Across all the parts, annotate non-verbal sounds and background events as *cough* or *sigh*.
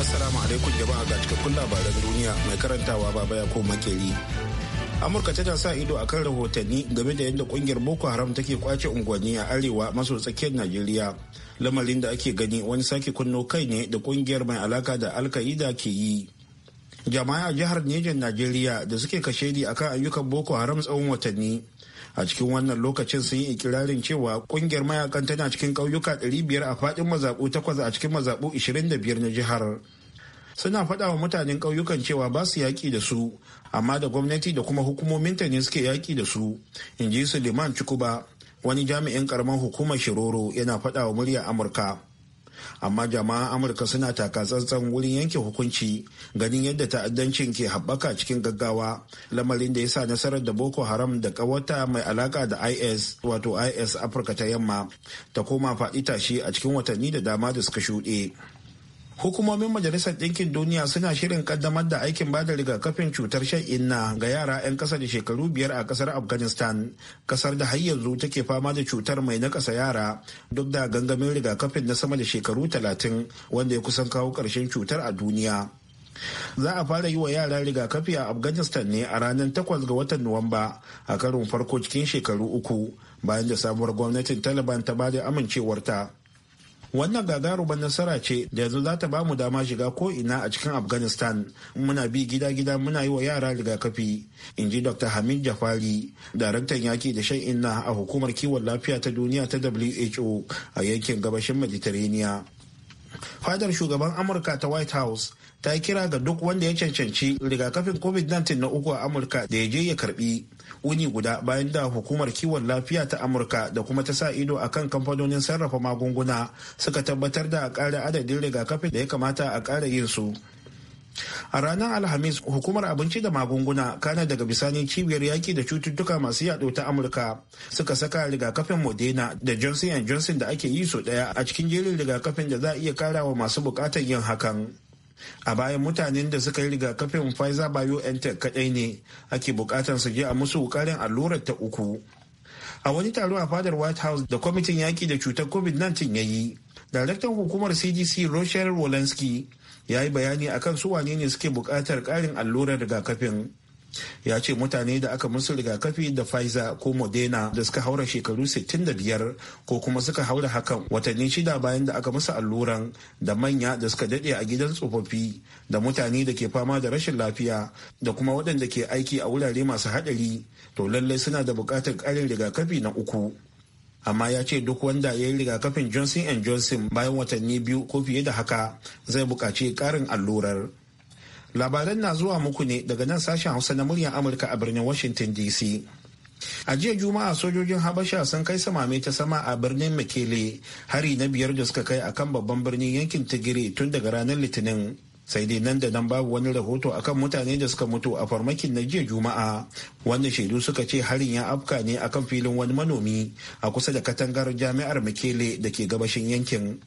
Assalamu alaikum jama'a ga cikakkun labaran duniya mai karantawa baba ya ko makeri. Amurka tana sa ido akan rahotanni game da yadda kungiyar Boko Haram take kwace unguwanni a arewa maso tsakiyar Najeriya. Lamarin da ake gani wani sake kunno kai ne da kungiyar mai alaka da Alka'ida ke yi. Jama'a jihar Nijar Najeriya da suke kashedi akan ayyukan Boko Haram tsawon watanni a cikin wannan lokacin sun yi ikirarin cewa kungiyar mayakan tana cikin ƙauyuka 500 a faɗin mazaɓu takwas a cikin mazaɓu 25 na jihar suna faɗa wa mutanen ƙauyukan cewa ba su yaƙi da su amma da gwamnati da kuma hukumominta ne suke yaƙi da su in ji suleiman cikuba wani jami'in karamar hukumar shiroro yana faɗa wa murya amurka amma jama'an amurka suna takatsantsan wurin yanke hukunci ganin yadda ta'addancin ke haɓaka cikin gaggawa lamarin da ya sa nasarar da boko haram da ƙawata mai alaka da is wato is afirka ta yamma ta koma faɗi tashi a cikin watanni da dama da suka shuɗe hukumomin majalisar ɗinkin duniya suna shirin kaddamar da aikin ba da rigakafin cutar shan inna ga yara 'yan ƙasa da shekaru biyar a ƙasar afghanistan ƙasar da har yanzu take fama da cutar mai nakasa yara duk da gangamin rigakafin na sama da shekaru talatin wanda ya kusan kawo ƙarshen cutar a duniya za a fara yi wa yara rigakafi a afghanistan ne a ranar takwas ga watan nuwamba a karin farko cikin shekaru uku bayan da sabuwar gwamnatin taliban ta bada amincewarta wannan gagarumar nasara ce da yanzu za ta ba mu dama shiga ko ina a cikin afghanistan muna bi gida-gida muna yi wa yara rigakafi in ji dr hamid jafari daraktan yaki da shan inna a hukumar kiwon lafiya ta duniya ta who a yankin gabashin mediterranean fadar shugaban amurka ta white house ta kira ga duk wanda ya cancanci rigakafin covid-19 na uku a amurka da ya je ya karbi wuni guda bayan da hukumar kiwon lafiya ta amurka da kuma ta sa ido a kan kamfanonin sarrafa magunguna suka tabbatar da a adadin rigakafi da ya kamata a kare yin su a ranar alhamis hukumar abinci da magunguna kana daga bisani cibiyar yaki da cututtuka masu yaɗo ta amurka suka saka rigakafin modena da johnson johnson da ake yi so ɗaya a cikin jerin rigakafin da za a iya kara wa masu bukatar yin hakan a bayan mutanen da suka yi rigakafin pfizer biontech kadai ne ake bukatar su je a musu karin allurar ta uku a wani taro a fadar white house da kwamitin yaki da cutar covid-19 ya yi daraktan hukumar cdc rochelle walensky ya yi bayani akan su wane ne suke buƙatar ƙarin allurar rigakafin ya ce mutane da aka musu rigakafi da pfizer ko moderna da suka haura shekaru 65 ko kuma suka haura hakan watanni shida bayan da aka musu alluran da manya da suka dade a gidan tsofaffi da mutane da ke fama da rashin lafiya da kuma waɗanda ke aiki a wurare masu haɗari to lallai suna da buƙatar ƙarin rigakafi na uku amma ya ce duk wanda ya yi rigakafin johnson johnson bayan watanni biyu ko fiye da haka zai buƙaci ƙarin allurar labaran na zuwa muku ne daga nan sashen hausa na muryar amurka a birnin washington dc a jiya juma'a sojojin habasha sun kai samame ta sama a birnin mikele hari na biyar da suka kai akan babban birnin yankin tigiri tun daga ranar litinin sai dai nan da nan babu wani rahoto akan mutane da suka mutu a farmakin na jiya juma'a wanda shaidu suka ce harin ya afka ne akan filin wani manomi a kusa da katangar jami'ar mikele da ke gabashin yankin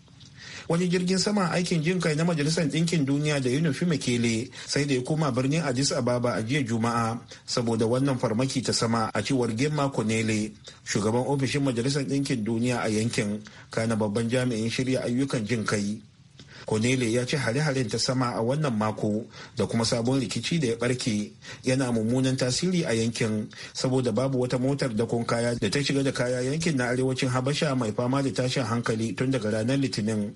wani jirgin sama aikin jin kai na majalisar ɗinkin duniya da fi makele sai da ya koma birnin addis ababa a jiya juma'a saboda wannan farmaki ta sama a cewar gemma konele shugaban ofishin majalisar ɗinkin duniya a yankin kana babban jami'in shirya ayyukan jin kai konele ya ce hare-haren ta sama a wannan mako da kuma sabon rikici da ya barke yana mummunan tasiri a yankin saboda babu wata motar da kaya da ta shiga da kaya yankin na arewacin Habasha mai fama da tashin hankali tun daga ranar Litinin.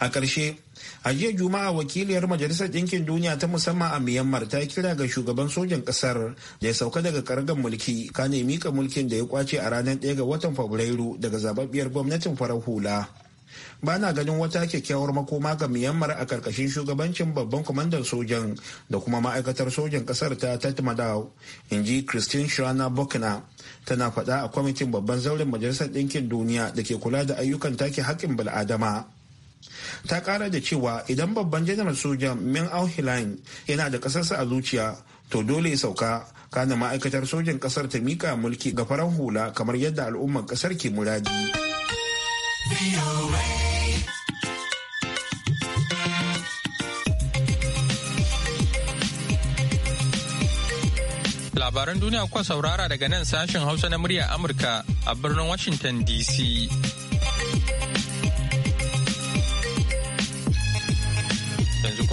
a ƙarshe a jiya juma'a wakiliyar majalisar ɗinkin duniya ta musamman a myanmar ta kira ga shugaban sojan ƙasar da ya sauka daga kargar mulki ka ne mika mulkin da ya kwace a ranar ɗaya ga watan fabrairu daga zababbiyar gwamnatin farar hula ba na ganin wata kyakkyawar makoma ga myanmar a ƙarƙashin shugabancin babban kwamandan sojan da kuma ma'aikatar sojan ƙasar ta tatmadaw in ji christine shana bokna tana faɗa a kwamitin babban zauren majalisar ɗinkin duniya da ke kula da ayyukan take haƙƙin bil'adama ta kara da cewa idan babban janar sojan min auhiline yana da kasarsa a zuciya to dole ya sauka kana ma'aikatar sojan kasar ta mika mulki ga farar hula kamar yadda al'ummar kasar ke muradi labaran duniya kuka saurara daga nan sashen hausa na murya amurka a birnin washington dc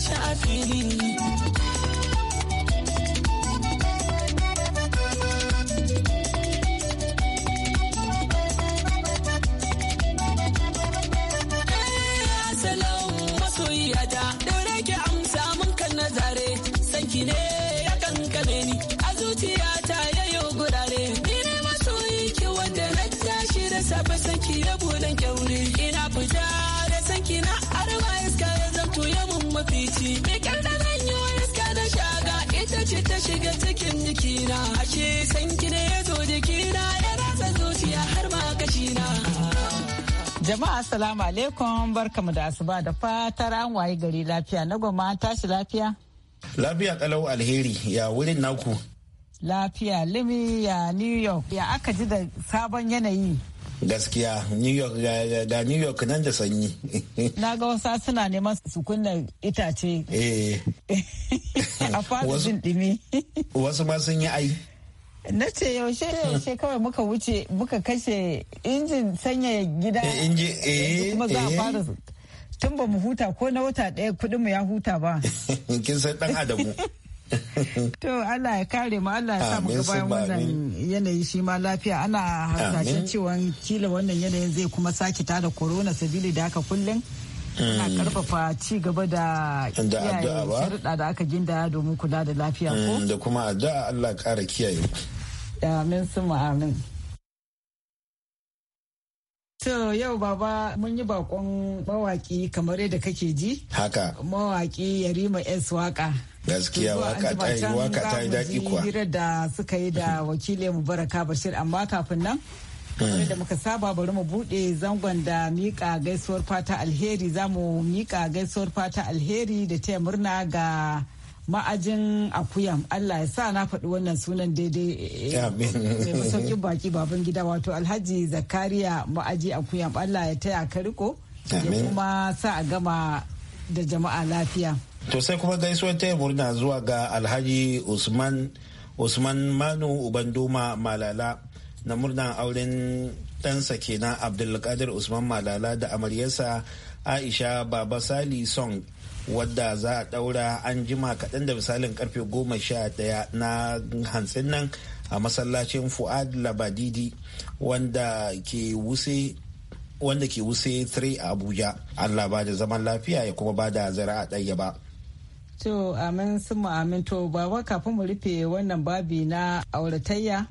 shi a ni. fici mai kyar da zan yi wa iska da shaga ita ce ta shiga cikin jikina ashe sanki ne ya zo jikina ya ratsa zuciya har ma kashina Jama'a Assalamu alaikum barkamu da asuba da fatar an waye gari lafiya na goma tashi lafiya. Lafiya kalau alheri ya wurin naku. Lafiya limi ya New York ya aka ji da sabon yanayi. gaskiya new york ga new york nan da sanyi *laughs* na ga wasa suna neman su kunna itace eh. *laughs* a fadin dimi *laughs* wasu ma sun yi ai na ce yaushe yaushe kawai muka wuce muka kashe injin sanya gida eh, eh, kuma za a fara tun ba mu huta ko na wata ɗaya kudin mu ya huta ba kin san dan adamu *laughs* To Allah ya kare mu Allah ya sa mu bayan wannan yanayi shi ma lafiya ana hasashen cewa kila wannan yanayin zai kuma sake tada corona sabili da haka kullum ana mm. karfafa ci gaba da sharuɗa da aka ginda domin kula da lafiya ko mm, da kuma addu'a Allah kara kiyaye amin su amin To yau baba mun yi bakon mawaki kamar yadda kake ji. Haka. Mawaki Yarima S waka. Gaskiya waka ta yi waka ta yi daɗi kuwa. Hira da suka yi da *laughs* wakilin Mubaraka Bashir amma kafin nan. Kamar da muka saba bari mu buɗe zangon da miƙa gaisuwar fata alheri za mu miƙa gaisuwar fata alheri da taya murna ga ma'ajin akuyam Allah ya sa na faɗi wannan sunan daidai eh, eh, mai masaukin baki baban gida wato alhaji zakariya ma'aji akuya Allah ya taya ka riko ya kuma sa a gama da jama'a lafiya to sai kuma gaisuwar taya murna zuwa ga alhaji usman usman manu ubanduma malala na murnan auren ɗansa kenan abdulkadir usman malala da amaryarsa aisha baba sali song wadda za a daura an jima kaɗan da misalin karfe goma sha ɗaya na hantsin nan a masallacin fuad labadidi wanda ke wuse wanda ke wuse 3 a abuja allah ba da zaman lafiya ya kuma bada da zara'a ɗaya ba to amin sun amin to bawa kafin mu rufe wannan babi na auratayya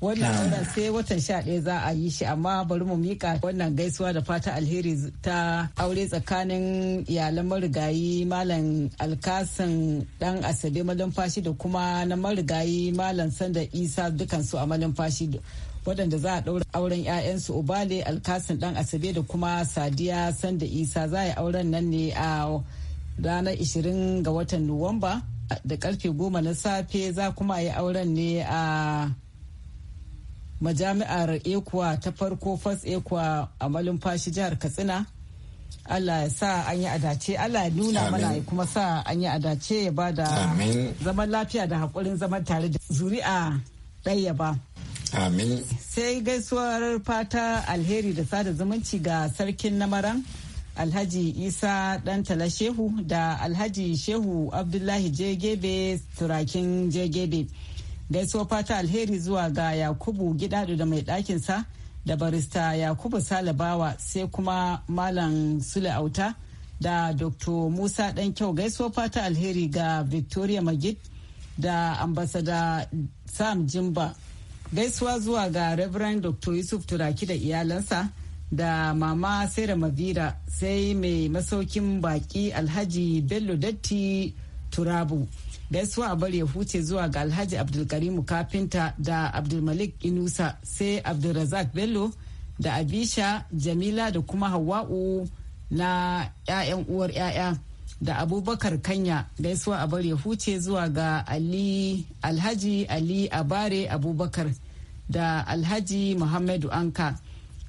wannan ah. sai watan sha ɗaya za a yi shi amma bari mu mika wannan gaisuwa da fata alheri ta aure tsakanin iyalan marigayi malam alkasin dan asabe malumfashi da kuma na marigayi malam sanda isa dukansu a malumfashi waɗanda za a ɗaura auren 'ya'yansu obale alkasin dan asabe da kuma sadiya sanda isa za a yi auren nan ne a ranar 20 ga watan nuwamba da karfe goma na safe za kuma a yi auren ne a majami'ar ekuwa ta farko fas ekuwa a malumfashi jihar katsina allah ya sa an yi adace allah ya nuna mana ya kuma sa an yi adace ya ba da zaman lafiya da haƙurin zaman tare da zuri'a ɗaya ba amin sai gaisuwar fata alheri da sada zumunci ga sarkin namaran alhaji isa dan shehu da alhaji shehu abdullahi jegebe turakin jegebe gaisuwa fata alheri zuwa ga yakubu gidado da mai ɗakinsa da barista yakubu salabawa sai kuma malam sule auta da dr musa ɗankyau kyau gaisuwa fata alheri ga victoria magid da ambasada sam jimba gaisuwa zuwa ga reverend dr yusuf turaki da iyalansa da mama sera mavira sai mai masaukin baki alhaji bello datti turabu gaisuwa a bari ya huce zuwa ga alhaji abdulkarimu kafinta da abdulmalik inusa sai abdulrazak bello da abisha jamila da kuma hawa'u na 'ya'yan uwar 'ya'ya da abubakar kanya gaisuwa a bari ya huce zuwa ga ali alhaji ali abare abubakar da alhaji muhammadu anka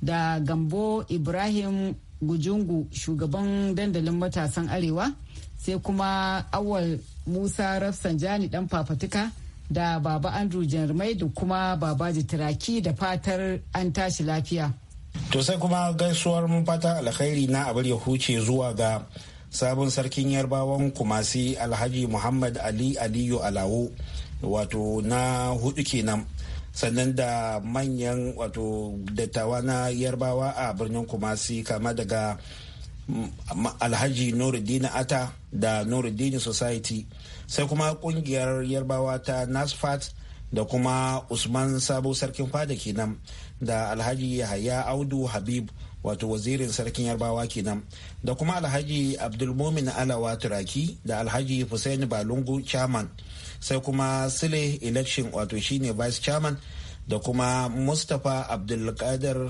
da gambo ibrahim gujungu shugaban dandalin matasan arewa sai kuma awal musa rafsanjani dan fafatuka da baba andrew jarmai da kuma baba jitiraki da fatar an tashi lafiya to sai kuma gaisuwar mun fata alkhairi na abar ya huce zuwa ga sabon sarkin yarbawan kumasi alhaji muhammad ali aliyu alawo wato na hudu kenan sannan da manyan wato dattawa na yarbawa a birnin kumasi kama daga Mm, alhaji nuruddin ata da nuruddin society sai kuma kungiyar yarbawa ta nasfat da kuma usman sabo sarkin fada kenan da alhaji yahaya audu habib wato wazirin sarkin yarbawa kenan da kuma alhaji abdulmumin alawa turaki da alhaji hussein balungu chairman sai kuma sile election wato shine vice chairman da kuma mustapha abdulkadir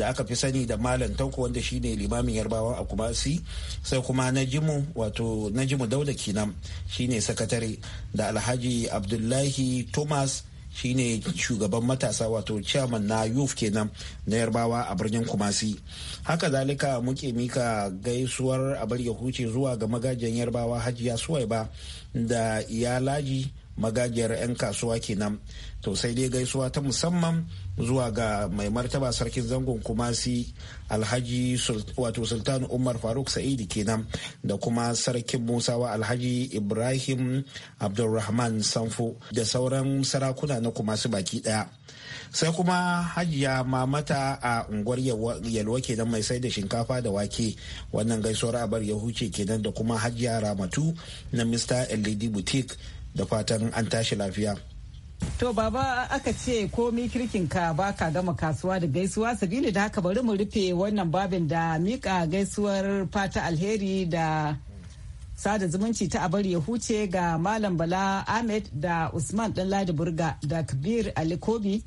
da aka fi sani da malam tanko wanda shine limamin yarbawa a kumasi sai kuma najimu wato najimu dauda shi shine sakatare da alhaji abdullahi thomas shine shugaban matasa wato chairman na yuf kenan na yarbawa a birnin kumasi haka zalika muke mika gaisuwar abar ya huce zuwa ga magajin yarbawa hajiya suwaiba da iyalaji magajiyar 'yan kasuwa kenan to sai dai gaisuwa ta musamman zuwa ga mai martaba sarkin zangon kumasi alhaji wato sultan umar faruk sa'idi kenan da kuma sarkin musawa alhaji ibrahim abdulrahman sanfo da sauran sarakuna na kumasi baki daya sai kuma hajiya mamata a unguwar yalwa kenan mai sai da shinkafa da wake wannan gaisuwar abar ya huce kenan da kuma hajiya ramatu na mr led boutique da fatan an tashi lafiya To baba aka ce komi kirkin ka baka gama kasuwa da gaisuwa sabili da haka bari mu rufe wannan babin da mika gaisuwar fata alheri da sada zumunci ta abar ya huce ga Malam Bala Ahmed da Usman ladi Burga da Kabir Ali Kobi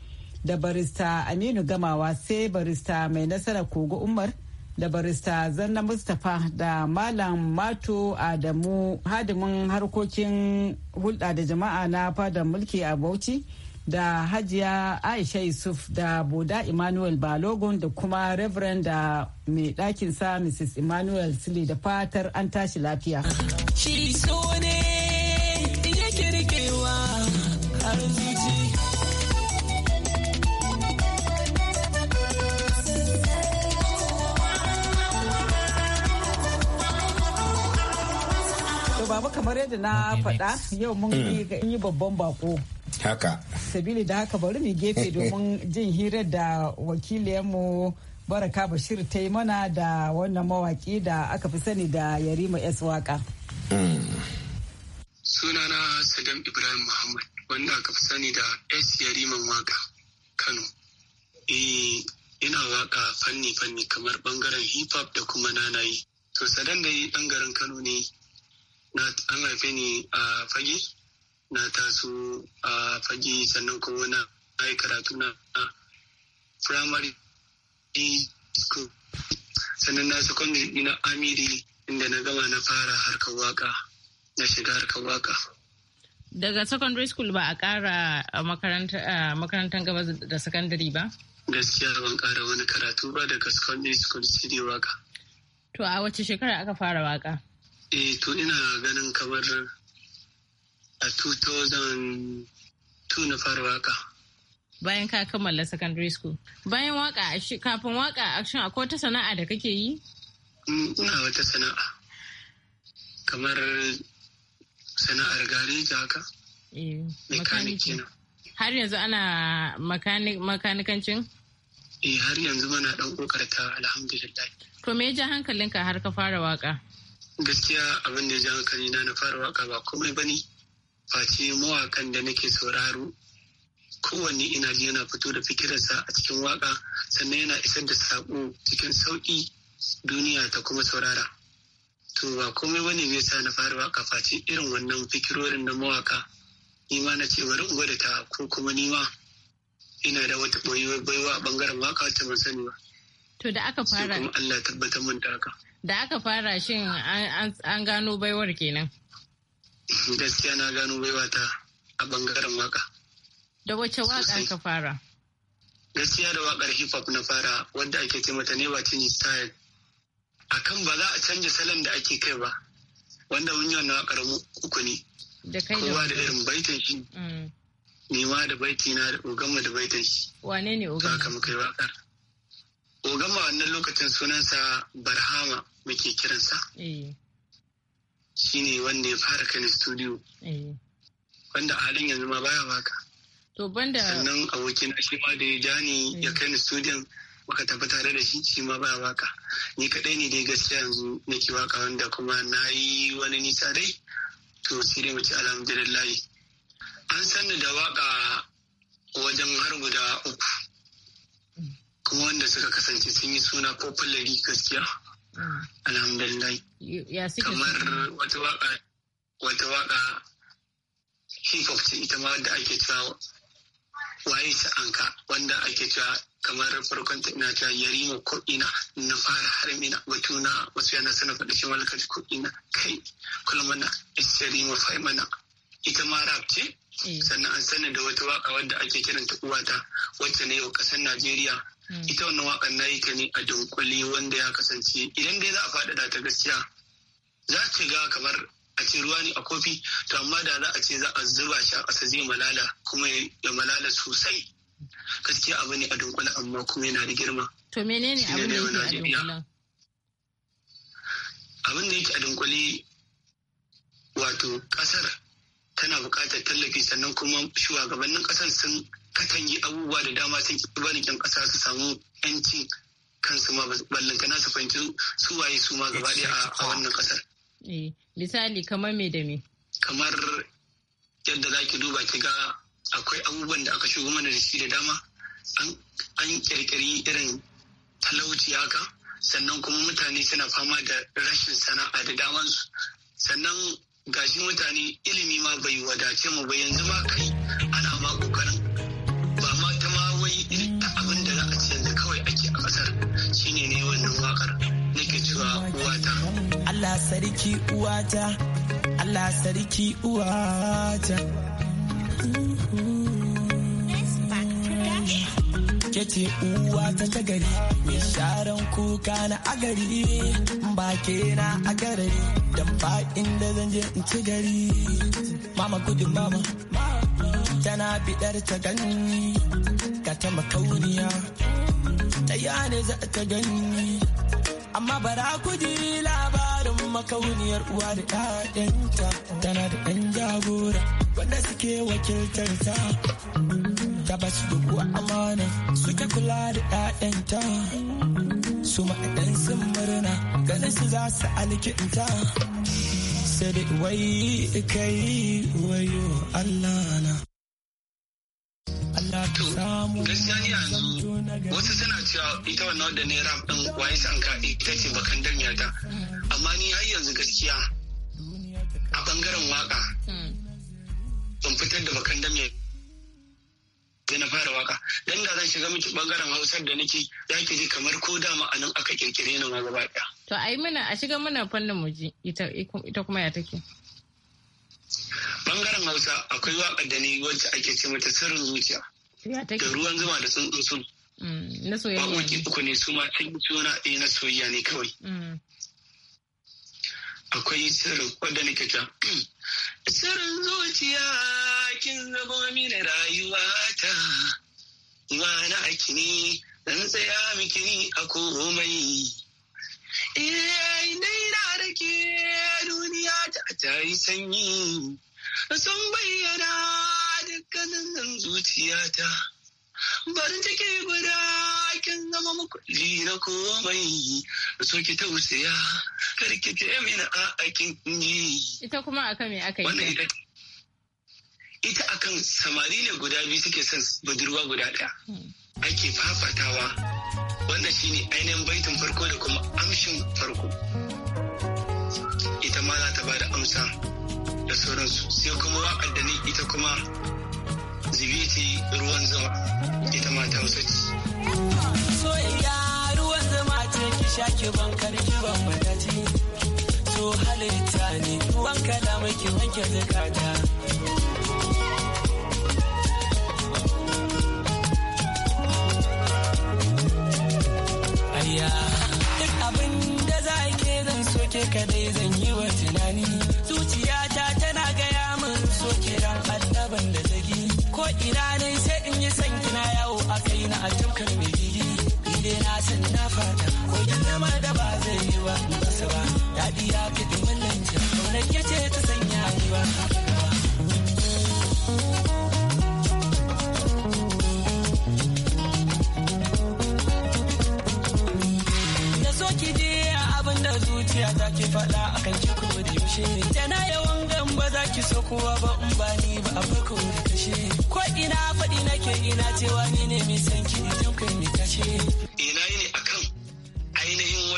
da barista Aminu Gamawa sai barista mai nasara Kogo Umar da barista zanna mustapha da malam mato adamu hadimin harkokin hulɗa da jama'a na fadar mulki a bauchi da hajiya aisha yusuf da boda emmanuel balogun da kuma reverend da mai ɗakin sa mrs emmanuel sule da fatar an tashi lafiya shi ne har To baba kamar yadda na faɗa yau mm. mun yi babban bako. Haka. Sabili da haka bari mu gefe *laughs* domin jin hirar da wakiliyanmu Baraka Bashir ta yi mana da wannan mawaki da aka fi sani da Yarima S waka. Mm. Sunana Sadam Ibrahim Muhammad wanda aka fi sani da S Yariman waka Kano. E, ina waka fanni-fanni kamar bangaren hip hop da kuma nanayi. To sadan da yi bangaren Kano ne an haife ni a fage na taso a fage sannan kuma na yi karatu na primary school sannan na secondary ina amiri inda na gama na fara harkar waka na shiga harkar waka daga secondary school ba a kara makarantar gaba da secondary ba gaskiya ban kara wani karatu ba daga secondary school sai waka to a wace shekara aka fara waka eh to ina ganin kamar a 2002 na fara waka bayan ka kammala secondary school bayan waka kafin waka action akwai wata sana'a da kake yi mm, ina wata sana'a kamar sana'ar gareji haka eh, mekaniki na har yanzu ana makanikancin eh har yanzu mana dan kokarta alhamdulillah to me ya ja hankalinka har ka fara waka gaskiya abin da ya ji hankali na na fara waka ba komai ba ne face mawakan da nake sauraro kowanne ina ji yana fito da fikirarsa a cikin waka sannan yana isar da saƙo cikin sauƙi duniya ta kuma saurara to ba komai ba ne sa na fara waka face irin wannan fikirorin na mawaka nima na ce bari in gwada ta ko kuma nima ina da wata ɓoyewar baiwa a ɓangaren waka wacce ban sani ba To da aka fara. kuma Allah tabbata mun da haka. Da aka fara shin an gano baiwar kenan. *laughs* Gaskiya na gano baiwa ta a bangaren waka. Da wacce waka ka fara? Gaskiya da wakar hip hop na fara wadda ake ce mata ne ba change style. Akan ba za a canja salon da ake kai ba. Wanda mun yi wannan wakar uku ne. Da kai da Kowa da irin baitin shi. Mm. Nima da baiti na da ogama da baitin shi. Wane ne ogama? Haka mu kai wakar. Ogama wannan lokacin sunansa Barhama muke kiransa. Eh. Shi ne wanda ya fara kani studio. Eh. Wanda halin yanzu ma baya baka. To banda. Sannan abokin shi ma da ya ja ni ya eh. kai ni studio muka tafi tare da shi shi ma baya baka. Ni kaɗai ne dai gaskiya yanzu nake waka wanda kuma na yi wani nisa dai. To sai dai mu ci alhamdulillah. An sanni da waka wajen har guda uku. kuma wanda suka kasance sun yi suna ko fulari gaskiya ah. alhamdulillah kamar wata waka wata waka hip hop ce ita ma wanda ake cewa waye anka wanda ake cewa kamar farkon ta ina ta yarima ko ina na fara harin ina batuna wasu yana sana faɗi shi malakar ko ina kai ma fa'i mana ita ma rap ce eh. sannan an sani da wata waka wadda ake kiranta uwata wacce na yau kasar najeriya Hmm. ita wannan wakan na yi ta ne a dunkule wanda ya kasance idan dai za a faɗaɗa ta gaskiya za ta ga kamar a ce ruwa ne a kofi to amma da za a ce za a zuba shi a ƙasa zai malala kuma ya malala sosai gaskiya abu ne a dunkule amma kuma yana da girma. To menene abu ne a dunkule? Abin da yake a dunkule wato ƙasar tana buƙatar tallafi sannan kuma shugabannin ƙasar sun kakan yi abubuwa da dama sun ki barin kan kasa su samu yancin kansu ma kana su fahimci su waye su ma gaba a wannan ƙasar. Eh, misali kamar me da me? Kamar yadda za ki duba ki ga akwai abubuwan da aka shigo mana da shi da dama an kirkiri irin talauci haka sannan kuma mutane suna fama da rashin sana'a da damansu sannan gashi mutane ilimi ma bai wadace mu ba yanzu ma kai Allah sarki uwata Allah sarki uwata kece uwata ta gari mai sharan kuka na agari ba ke na agarari dan fa'in da zan je in ci gari mama gudun mama tana bidar ta gani ka ta makauniya ta yane za ta gani amma bara ku ji labar tsarin makauniyar uwa da ƴaƴanta tana da ɗan jagora wanda suke wakiltar ta ta ba su amana suke kula da ƴaƴanta su ma'aɗan sun murna ganin su za su alkinta sai da wai kai wayo Allah na to gaskiya ni yanzu wasu suna cewa ita wannan wadda ne ram din waye sanka ita ce bakan danyata amma ni har yanzu gaskiya a bangaren waka ban fitar da bakan mai sai na fara waka dan da zan shiga miki bangaren hausar da nake za ki ji kamar ko da anan aka kirkire ni ma gaba daya to ai mana a shiga mana fannin mu ji ita ita kuma ya take bangaren hausa akwai waka da ni wacce ake ce mata sirrin zuciya da ruwan zuma da tsuntsun mm, na soyayya waƙoƙi uku ne su ma sun yi suna ɗaya eh, na soyayya ne kawai mm. akwai sirrin wanda nake ta hmm, sirrin zuciya kin zama mini rayuwa ta mana aiki ne don tsaya miki ni a komai eh na da ke duniya ta a yi sanyi sun bayyana dukkanin zuciyata barin ciki guda kin zama makulli na komai da so ki tausaya kar ki ce mini a kin yi ita kuma akan me aka yi ita akan samari ne guda biyu suke son budurwa guda ɗaya hmm. ake fafatawa wanda shine ainihin baitin farko da kuma amshin farko ita ma za ta ba da amsa da sauransu sai kuma waƙar da ni ita kuma zibiti ruwan zama ita hausa ce. Soyayya ruwan zama ce ki shaki bankar ki ban madaji. So halitta ne ruwan kalamu ki wanke zakata. duk abin da za ke zan soke kadai zan yi wa tunani. Zuciyata tana gaya min soke ran annaban da zagi. Ko ina ne sai in yi sanki na san na fata ko nama da ba zai yi ba masa ba daɗi ya kaɗi wannan nan kaunar ke ce ta sanya ni ba na so ki je abin da zuciya ta ke faɗa akan ki kuma da yaushe tana yawan gan ba za ki so kowa ba in ba ni ba a farko da kashe ko ina faɗi nake ina cewa ni ne mai san ki idan kai ne kashe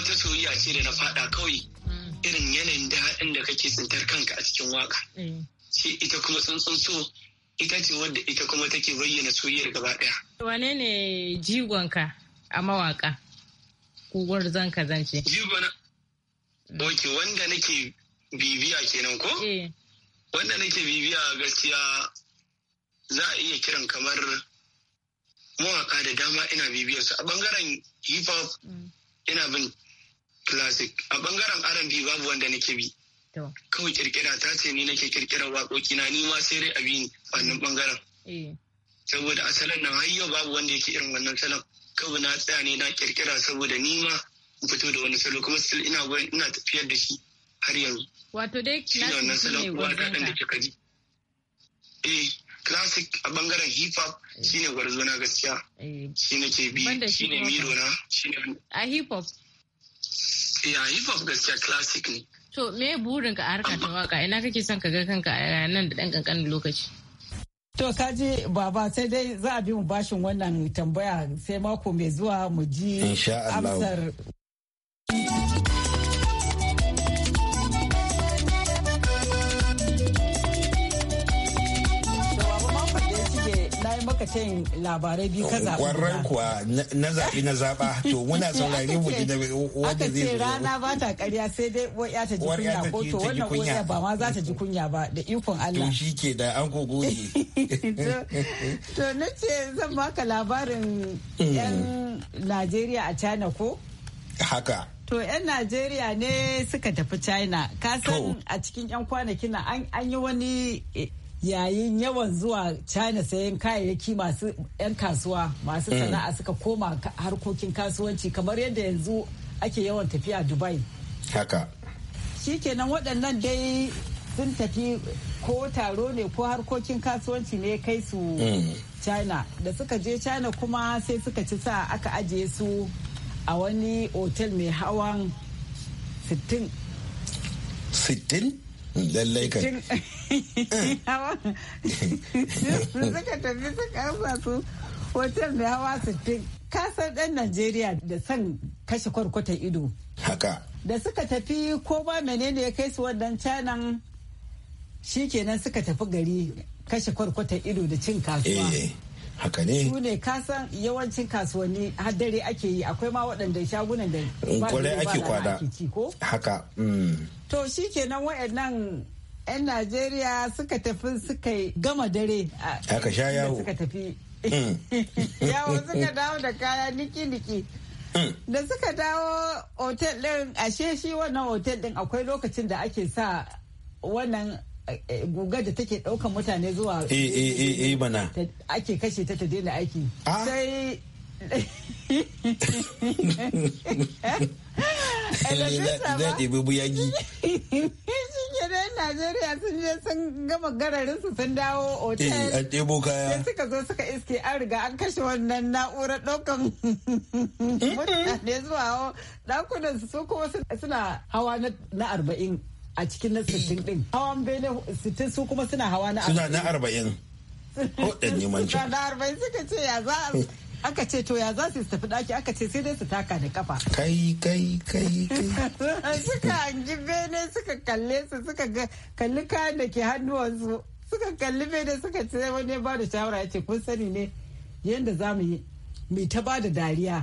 wata soyayya ce da na fada kawai mm. irin yanayin daɗin da kake tsintar kanka a cikin waka. Eh. Shi ita kuma tsuntsun so ita ce wadda ita kuma take bayyana soyayyar gaba ɗaya. Wane ne jigonka a mawaka? Kugwar zan ka zance. Jigona. Oke wanda nake bibiya kenan ko? Eh. Wanda nake bibiya gaskiya za a iya kiran kamar mawaka da dama ina bibiyarsu a bangaren hip hop mm. ina bin classic a bangaren R&B babu wanda nake bi kawai kirkira ta ce ni nake kirkiran waƙoƙi na ni ma sai dai abi ne wannan bangaren eh. saboda asalin nan har yau babu wanda yake irin wannan salon kawai na tsaya ne na kirkira saboda ni ma fito da wani salo kuma still ina goyon ina tafiyar da shi har yanzu wato dai classic wannan salon da eh classic a bangaren hip hop eh. shine gwarzo na gaskiya eh. shi nake bi shine miro na shine a hip hop ya yi gaskiya classic ne to me burin ka a ta waka ina kake son ka ga kanka a nan da dan kankanin lokaci To kaji baba sai dai za a bi mu bashin wannan tambaya sai mako mai zuwa mu ji amsar. maka ce labarai biyu ka zaɓa. Kwarar kuwa na zaɓi na zaɓa to muna *laughs* saurari mu gina wanda zai zo. rana ba ta ƙarya sai dai wai ya ta ji kunya ko to wannan uwar ba ma za ta ji kunya ba da ikon Allah. To shi ke da an ko gode. *laughs* To na ce zan baka labarin hmm. 'yan Najeriya a China ko? Haka. To 'yan Najeriya ne suka tafi China. Kasan a cikin 'yan kwanakin an yi wani yayin yawan zuwa china sayan kayayyaki masu 'yan kasuwa masu mm. sana'a suka koma harkokin kasuwanci kamar yadda yanzu ake yawan tafiya dubai haka shikenan waɗannan dai sun tafi ko taro ne ko harkokin kasuwanci ne kai su mm. china da suka je china kuma sai suka ci sa aka ajiye su a wani otel mai hawan 60 lallai ka hotel da hawa sittin kasar ɗan najeriya da son kashe kwarkwatan ido haka da suka tafi ko ba menene ya kai su wannan canan shikenan suka tafi gari kashe kwarkwatan ido da cin kasuwa eh, haka ne su ne kasan yawancin kasuwanni har dare ake yi akwai ma waɗanda shagunan da kwarai ake kwada haka mm. to shi kenan wa'annan 'yan najeriya suka tafi suka gama dare aka sha yawo suka tafi hmm. *laughs* yawo suka dawo da kaya niki-niki hmm. da suka dawo otel din ashe shi wannan otel din akwai lokacin da ake sa wannan eh, eh, guga da take ɗaukan mutane zuwa eh, ake kashe ta ta daina aiki ah. sai Zaɗe bubu yagi. Shikenan Najeriya sun je sun gama gararin su sun dawo otel. Eh, an ɗebo kaya. Sai suka zo suka iske an riga an kashe wannan na'urar ɗaukan *laughs* mutane zuwa ɗakunan su kuma suna hawa na arba'in a cikin na sittin ɗin. Hawan bene sittin su kuma suna hawa na arba'in. Suna na arba'in. Waɗanne *laughs* manci. Suna na arba'in suka ce ya za a aka ce to ya za su tafi daki aka ce sai dai su taka da kafa kai kai kai kai *laughs* suka hangi bene suka kalle su suka kalli kayan da ke hannuwansu suka kalli bene suka ce wani ba da shawara ya ce kun sani ne yadda za mu yi mu ta ba da dariya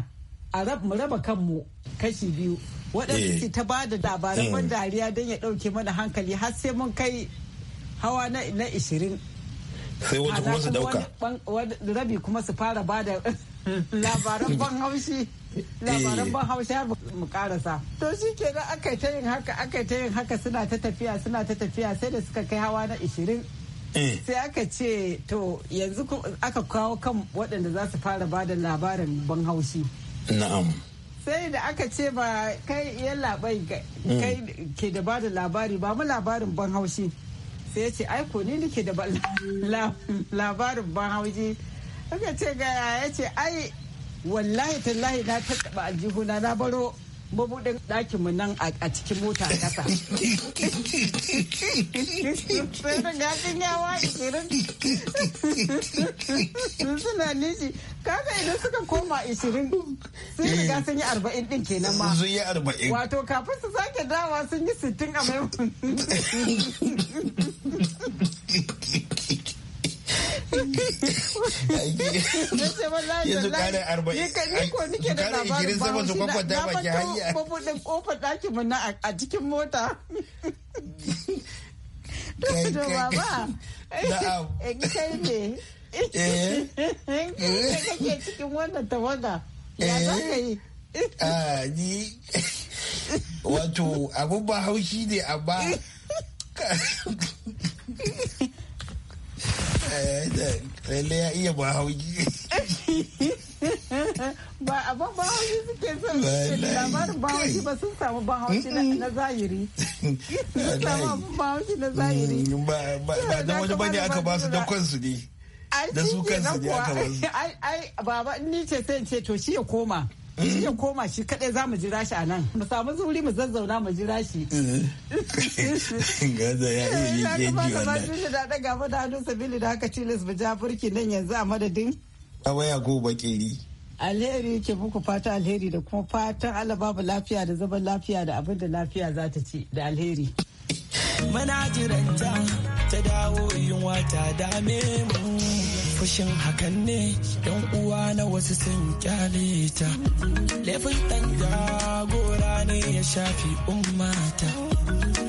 a mu raba kanmu kashi biyu waɗanda eh. ke ta ba da labaran ban hmm. dariya don ya ɗauke mana hankali har sai mun kai hawa na ishirin sai wata kuma su dauka rabi kuma su fara ba da labaran ban haushi eh. labaran ban haushi har mu karasa to shi da aka ta yin haka aka ta yin haka suna ta tafiya suna ta tafiya sai da suka kai hawa na ishirin eh. sai aka ce to yanzu aka kawo kan waɗanda za su fara ba da labarin ban haushi na'am sai da aka ce ba kai yan labai hmm. kai ke da ba da labari ba mu labarin ban haushi sai ya ce aiko ni nake da *laughs* labarin ban haushi Suka ce ga ya ce ai wallahi tallahi na tattaba aljihuna na baro mabudin ɗakinmu nan a cikin mota a ƙasa. Sai yawa ishirin. Sun suna nishi. Kaga idan suka koma ishirin sun riga sun yi arba'in ɗin kenan ma. Sun yi arba'in. Wato kafin su sake dawa sun yi sittin a maimakon. *laughs* yanzu kare arba'in *laughs* kare *laughs* eh, ne eh. kake cikin ya ka eh. yi a ah, wato abun ba haushi ne amma lalle eh, ya eh, eh, iya *laughs* ba hauji ba abin ba hauji suke son labarin ba hauji ba sun samu ba hauji na zahiri sun samu ba hauji na zahiri mm, ba da wani bane aka ba su da kansu ne da su kansu ne aka ba su ai baba ni ce sai ce to shi ya koma ya koma shi kadai za mu jira shi a nan mu samu zuri mu zazzauna mu jira shi eh. *laughs* gaza ya yi yi jeji wannan ya da daga mu da hannu sabili da haka tilis mu ja burki nan yanzu a madadin a waya ko bakiri alheri ke muku fata alheri da kuma fatan Allah babu lafiya da zaman lafiya da abin da lafiya za ta ci da alheri muna jiranta ta dawo yunwa ta dame mu fushin hakan ne yan uwa na wasu sun kyale ta laifin ɗan jagora ne ya shafi ummata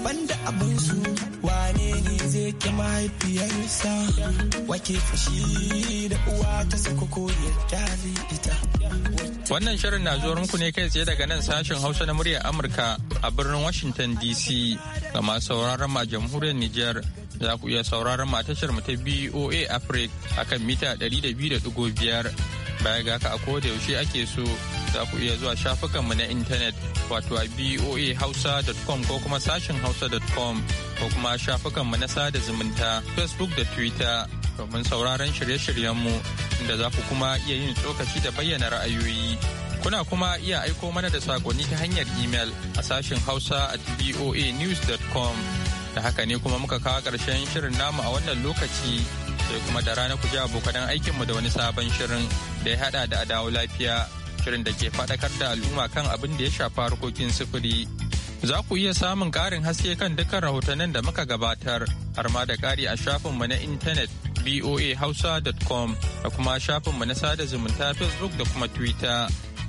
banda abin su wane ne zai ki mahaifiyarsa wake fushi da uwa ta saka ko ya kyale ita Wannan shirin na zuwar muku ne kai tsaye daga nan sashen Hausa na muryar Amurka a birnin Washington DC ga masu sauraron ma jamhuriyar Nijar za ku iya sauraron mu a tashar mu ta BOA Africa akan mita 200.5 baya ga ka a koda yaushe ake so za ku iya zuwa shafukan mu na intanet wato a boahausa.com ko kuma sashin hausa.com ko kuma shafukan mu na sada zumunta Facebook da Twitter domin sauraron shirye-shiryen mu inda za ku kuma iya yin tsokaci da bayyana ra'ayoyi Kuna kuma iya aiko mana da sakonni ta hanyar imel a sashin hausa at voanews.com. Da haka ne kuma muka kawo ƙarshen shirin namu a wannan lokaci sai kuma da rana ku ji abokanan aikinmu da wani sabon shirin da ya haɗa da adawo lafiya shirin da ke faɗakar da al'umma kan abin da ya shafa harkokin sufuri. Za ku iya samun ƙarin haske kan dukkan rahotannin da muka gabatar har ma da ƙari a shafinmu na intanet voahausa.com da kuma shafinmu na sada zumunta Facebook da kuma Twitter.